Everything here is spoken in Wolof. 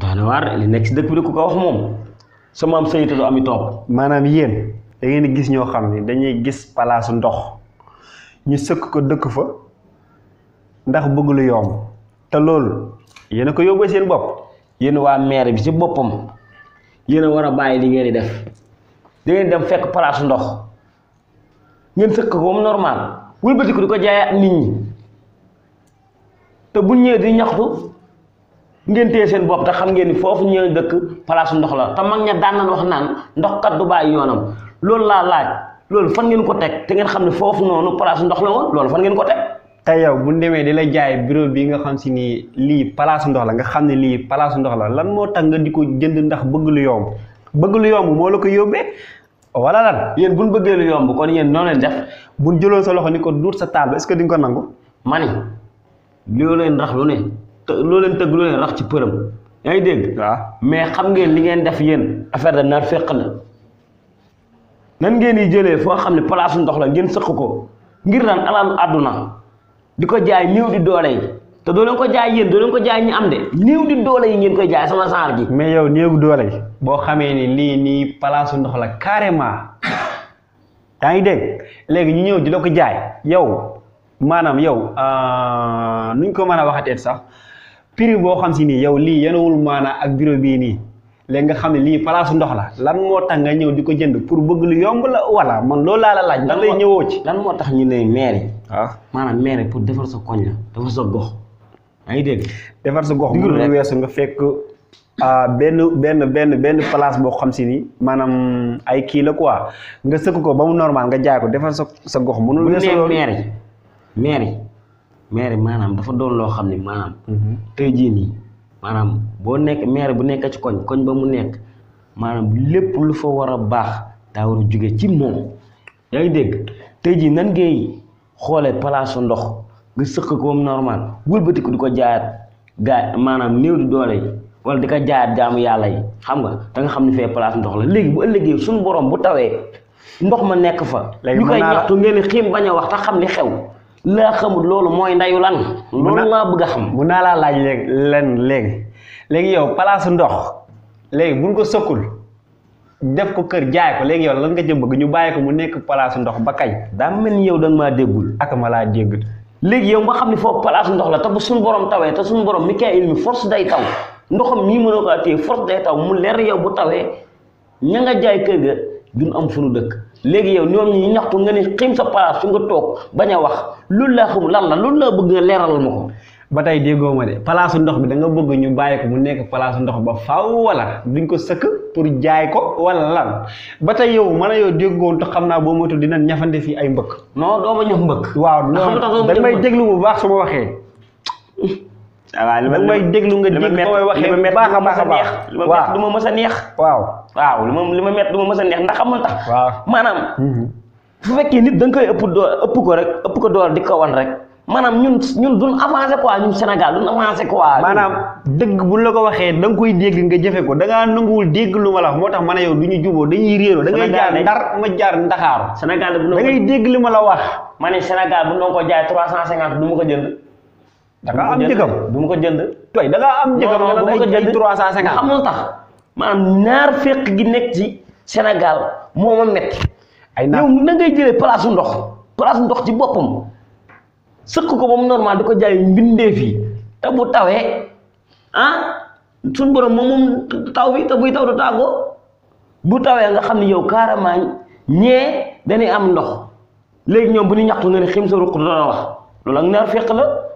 danwar li nek ci dekk bi ko wax mom sa maam saytu du ami top manam yeen da ngeen gis ño xamni dañuy gis place ndox ñu sekk ko dekk fa ndax bëgg lu yom te lool yeen ko yóbbee seen bop yeen wa maire bi ci bopam yeen wara war li ngeen def da ngeen dem fekk place ndox ngeen sekk ko normal wul bëti ko jaayaat nit ñi te bu ñëw di ñaxtu. ngeen téye seen bopp te xam ngeen ni foofu ñu dëkk palaasu ndox la te mag ña daan nañ wax naan ndox kat du bàyyi yoonam loolu laa laaj loolu fan ngeen ko teg te ngeen xam ne foofu noonu palaasu ndox la woon loolu fan ngeen ko teg. tey yow bu ñu demee di la jaay bureau bi nga xam si ni lii palaasu ndox la nga xam ne lii palaasu ndox la lan moo tax jënd ndax bëgg lu yomb bëgg lu yomb moo la ko yóbbee. wala lan yéen bu ñu bëggee lu yomb kon yéen noonu leen def bu ñu jëloon sa loxo ni ko duut sa taal est-ce que di nga ko nangu. ma ne loo leen rax lu ne lo leen tëgg lu leen rax ci përëm yaa deg mais xam ngeen li ngeen def yeen affaire de nar féq la nan ngeen ni jele fo xamni place ndox la ngeen sekk ko ngir nan alalu aduna di jaay néew di doole te do leen ko jaay yeen do leen ko jaay ñi am de néew di doole yi ngeen koy jaay sama sar gi mais yow néew doole bo boo ni li ni place ndox la carrément yaa deg legi ñu ñew di lako jaay yow manam yow euh, nuñ ko mëna sax prix boo xam si nii yow lii yenewul maanaa ak bureau bii nii léegi nga xam ne lii palaasu ndox la lan moo tax nga ñëw di ko jënd pour bëgg lu yomb la wala man loolu laa la laaj. lan lay ñëwoo ci lan moo tax ñu ne maire yi. Ah. maanaam maire pour defar sa koñ la defar sa gox. yaa ngi dégg defar sa gox bu weesu nga fekk ah, benn benn benn benn place boo xam si ni maanaam ay kii la quoi nga sëkk ko ba mu normal nga jaay ko defar sa sa gox. mënul weesu loolu bu ñu nee maire yi maire yi mère manam, dafa doon lo xamni mhm. manam, tay ji ni manam bo nek mère bu nek ci koñ koñ ba mu nek manam lepp lu fa wara bax da wara war ci mom yaa deg tay ji nan ngay xolé place ndox nga sekk ko normal wëlbati ko ko jaayaat gaa maanaam doole wala di ko jaayaat jaamu yalla yi xam nga da nga xamni fe place ndox la léegi bu ëllëgee sun borom bu tawé ndox ma nek fa. ñu koy ñattu ngeen xim baña wax ta xam li xew. laa xamul loolu mooy ndayu lan. loolu laa bëgg a xam. mun naa laa laaj le lenn léegi léegi yow palaasu ndox léegi buñ ko sëkkul def ko kër jaay ko léegi yow lan nga jëm bëgg ñu bàyyi ko mu nekk palaasu ndox ba kañ. daa mel ni yow da nga maa déggul ak ma laa dégg. léegi yow nga xam ne foofu palaasu ndox la te bu suñu borom tawee te suñu borom mi kay il force day taw ndoxam mii mënoo ko téye force day taw mu leer yow bu tawee ña jaay kër ga. duñ am fu nu dëkk léegi yow ñoom ñi ñaxtu nga ne xiim sa place su nga toog bañ a wax loolu laa xamul lan la loolu laa bëgg nga leeralal ma ko. ba tey déggoo ma de palaasu ndox bi da nga bëgg ñu bàyyi ko mu nekk palaasu ndox ba faaw wala duñ ko sëkk pour jaay ko wala lan ba tey yow man a yow déggoon te xam naa boo moytu dina ñafante fii ay mbëkk. noo doo ma ñëf mbëkk. waaw non damay déglu bu baax su ma waxee. Ah, waaw li ma déglu nga di met li ma ma met du ma neex waaw waaw li ma li ma met du ma mës a neex ndax xam nga tax maanaam mhm. su fekkee nit da nga koy ëpp doo ëpp ko rek ëpp ko door di ko wan rek maanaam ñun ñun duñ avancé quoi ñun Sénégal duñ ko quoi maanaam dëgg bu la ko waxee da nga koy dégg nga jëfe ko da ngaa nanguwul dégg lu ma la wax moo tax ma ne yow du ñu juboo dañuy réeroo da ngay jaar ndar ma jaar ndaxaaru Sénégal da ngay dégg li ma la wax ma ne Sénégal bu doon ko jaay trois cent cinquante du ko jënd da am jëkkam du ma ko jënd tooy da am jëkkam nga naan ay trois cent cinquante xamul tax maanaam naar fekk gi nekk ci Sénégal moo metti ay yow na ngay jëlee place ndox place ndox ci boppam sëkk ko ba mu normal di ko jaay mbindeef yi te bu tawee ah suñ borom moom moom taw bi te buy taw du tàggoo bu tawee nga xam ne yow carrément ñee dañuy am ndox léegi ñoom bu ñu ñaxtu nga ne xim sa ruq dana wax loolu ak naar fekk la